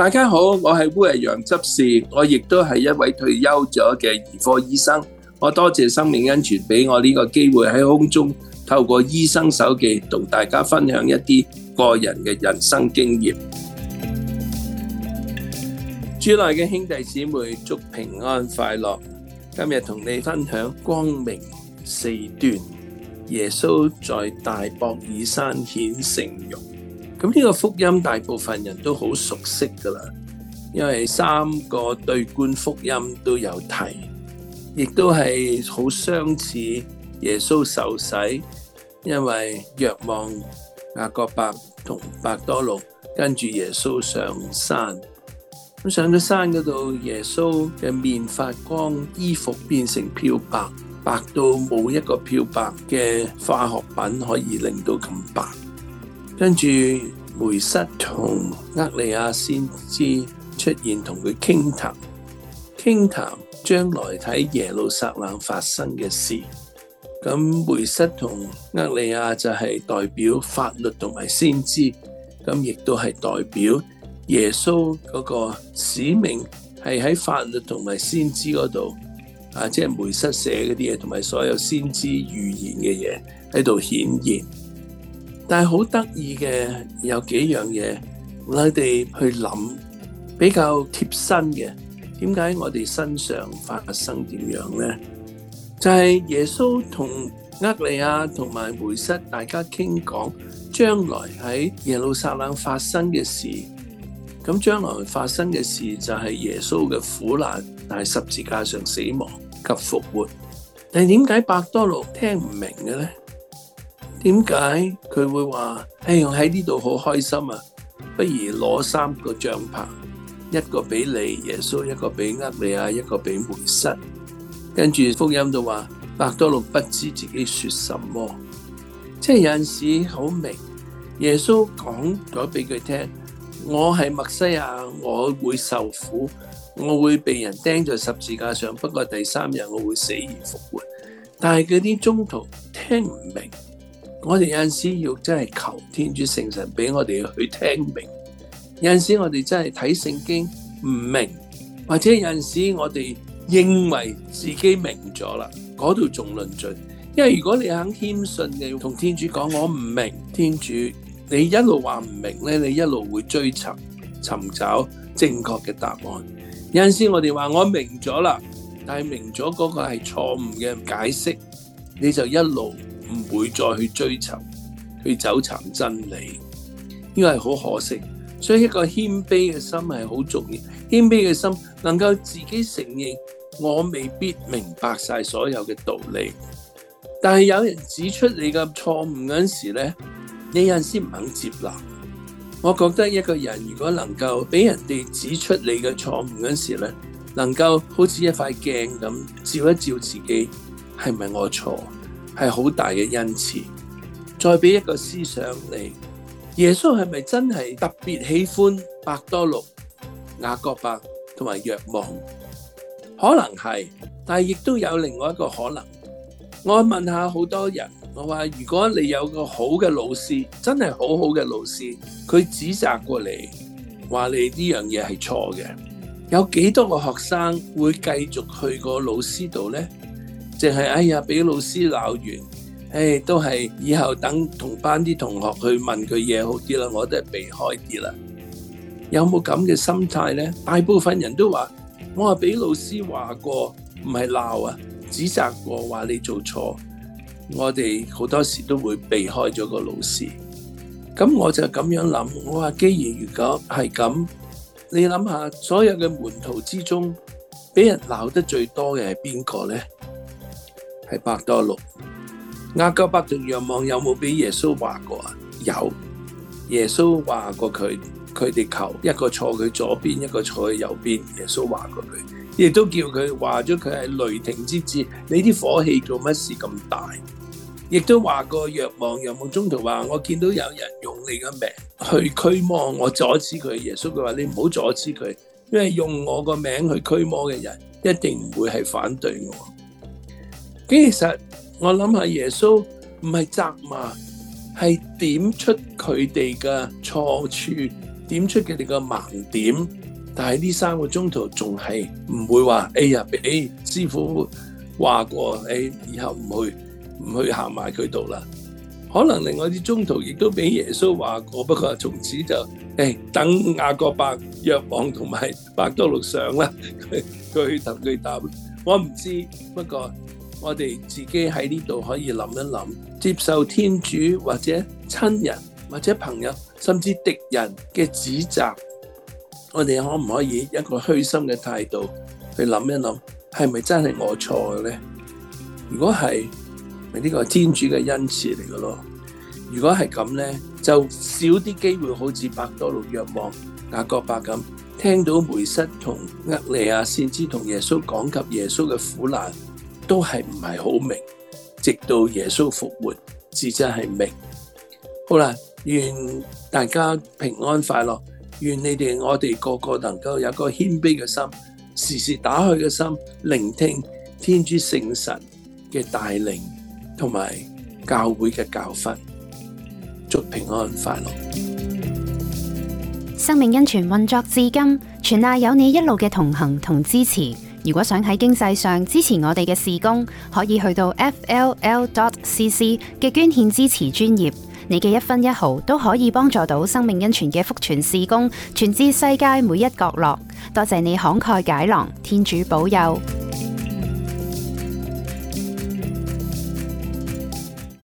大家好，我係烏日陽執事，我亦都係一位退休咗嘅兒科醫生。我多謝生命恩泉俾我呢個機會喺空中透過醫生手記同大家分享一啲個人嘅人生經驗。主內嘅兄弟姊妹，祝平安快樂。今日同你分享光明四端，耶穌在大博爾山顯聖容。咁呢個福音大部分人都好熟悉㗎喇，因為三個對觀福音都有提，亦都係好相似。耶穌受洗，因為若望、雅各伯同伯多祿，跟住耶穌上山。咁上咗山嗰度，耶穌嘅面發光，衣服變成漂白，白到冇一個漂白嘅化學品可以令到咁白。跟住梅瑟同厄利亞先知出現談談，同佢傾談傾談，將來喺耶路撒冷發生嘅事。咁梅瑟同厄利亞就係代表法律同埋先知，咁亦都係代表耶穌嗰個使命，係喺法律同埋先知嗰度啊，即係梅瑟寫嗰啲嘢，同埋所有先知預言嘅嘢喺度顯現。但係好得意嘅，有幾樣嘢，我哋去諗比較貼身嘅，點解我哋身上發生點樣呢？就係、是、耶穌同厄利亞同埋梅瑟大家傾講將來喺耶路撒冷發生嘅事，咁將來發生嘅事就係耶穌嘅苦難，但係十字架上死亡及復活。但係點解伯多祿聽唔明嘅呢？點解佢會話？哎，我喺呢度好開心啊！不如攞三個帳篷，一個俾你耶穌一，一個俾厄里亞，一個俾梅瑟。跟住福音就話，伯多祿不知自己說什麼，即係有陣時好明。耶穌講咗俾佢聽，我係默西亞，我會受苦，我會被人釘在十字架上，不過第三日我會死而復活。但係佢啲中途聽唔明。我哋有陣時要真係求天主聖神俾我哋去聽明。有陣時我哋真係睇聖經唔明，或者有陣時我哋認為自己明咗啦，嗰度仲論盡。因為如果你肯謙遜嘅，同天主講我唔明，天主你一路話唔明呢，你一路會追尋尋找正確嘅答案。有陣時我哋話我明咗啦，但係明咗嗰個係錯誤嘅解釋，你就一路。唔會再去追求，去走尋真理，呢個係好可惜。所以一個謙卑嘅心係好重要，謙卑嘅心能夠自己承認我未必明白晒所有嘅道理。但係有人指出你嘅錯誤嗰時呢，你有陣先唔肯接納。我覺得一個人如果能夠俾人哋指出你嘅錯誤嗰時呢，能夠好似一塊鏡咁照一照自己，係咪我錯？係好大嘅恩賜，再俾一個思想你，耶穌係咪真係特別喜歡伯多禄、雅各伯同埋若望？可能係，但係亦都有另外一個可能。我問下好多人，我話如果你有個好嘅老師，真係好好嘅老師，佢指責過你，話你呢樣嘢係錯嘅，有幾多個學生會繼續去個老師度呢？淨係哎呀，俾老師鬧完，哎、都係以後等同班啲同學去問佢嘢好啲啦，我都係避開啲啦。有冇咁嘅心態呢？大部分人都話，我話俾老師話過，唔係鬧啊，指責過話你做錯，我哋好多時都會避開咗個老師。咁我就咁樣諗，我話既然如果係咁，你諗下所有嘅門徒之中，俾人鬧得最多嘅係邊個呢？係伯多祿、雅各伯同若望有冇俾耶穌話過啊？有，耶穌話過佢，佢哋求一個坐佢左邊，一個坐佢右邊。耶穌話過佢，亦都叫佢話咗佢係雷霆之子。你啲火氣做乜事咁大？亦都話過若望，若望中途話我見到有人用你嘅名去驅魔，我阻止佢。耶穌佢話你唔好阻止佢，因為用我個名去驅魔嘅人一定唔會係反對我。其實我諗下耶穌唔係責罵，係點出佢哋嘅錯處，點出佢哋嘅盲點。但係呢三個中途仲係唔會話，哎呀，俾、哎、師傅話過，哎，以後唔去唔去行埋佢度啦。可能另外啲中途亦都俾耶穌話過，不過從此就，誒、哎，等雅各伯、若望同埋伯多祿上啦，佢佢答佢答，我唔知道，不過。我哋自己喺呢度可以諗一諗，接受天主或者親人或者朋友甚至敵人嘅指責，我哋可唔可以一個虛心嘅態度去諗一諗，係咪真係我錯嘅呢？如果係，呢個係天主嘅恩賜嚟嘅咯。如果係咁呢，就少啲機會好似伯多祿、若望、雅各伯咁，聽到梅瑟同厄利亞、先知同耶穌講及耶穌嘅苦難。都係唔係好明，直到耶穌復活，至真係明。好啦，願大家平安快樂，願你哋我哋個個能夠有個謙卑嘅心，時時打開嘅心，聆聽天主聖神嘅帶領，同埋教會嘅教訓。祝平安快樂。生命恩泉運作至今，全賴有你一路嘅同行同支持。如果想喺經濟上支持我哋嘅事工，可以去到 f l l dot c c 嘅捐獻支持專頁，你嘅一分一毫都可以幫助到生命恩泉嘅福傳事工，傳至世界每一角落。多謝你慷慨解囊，天主保佑。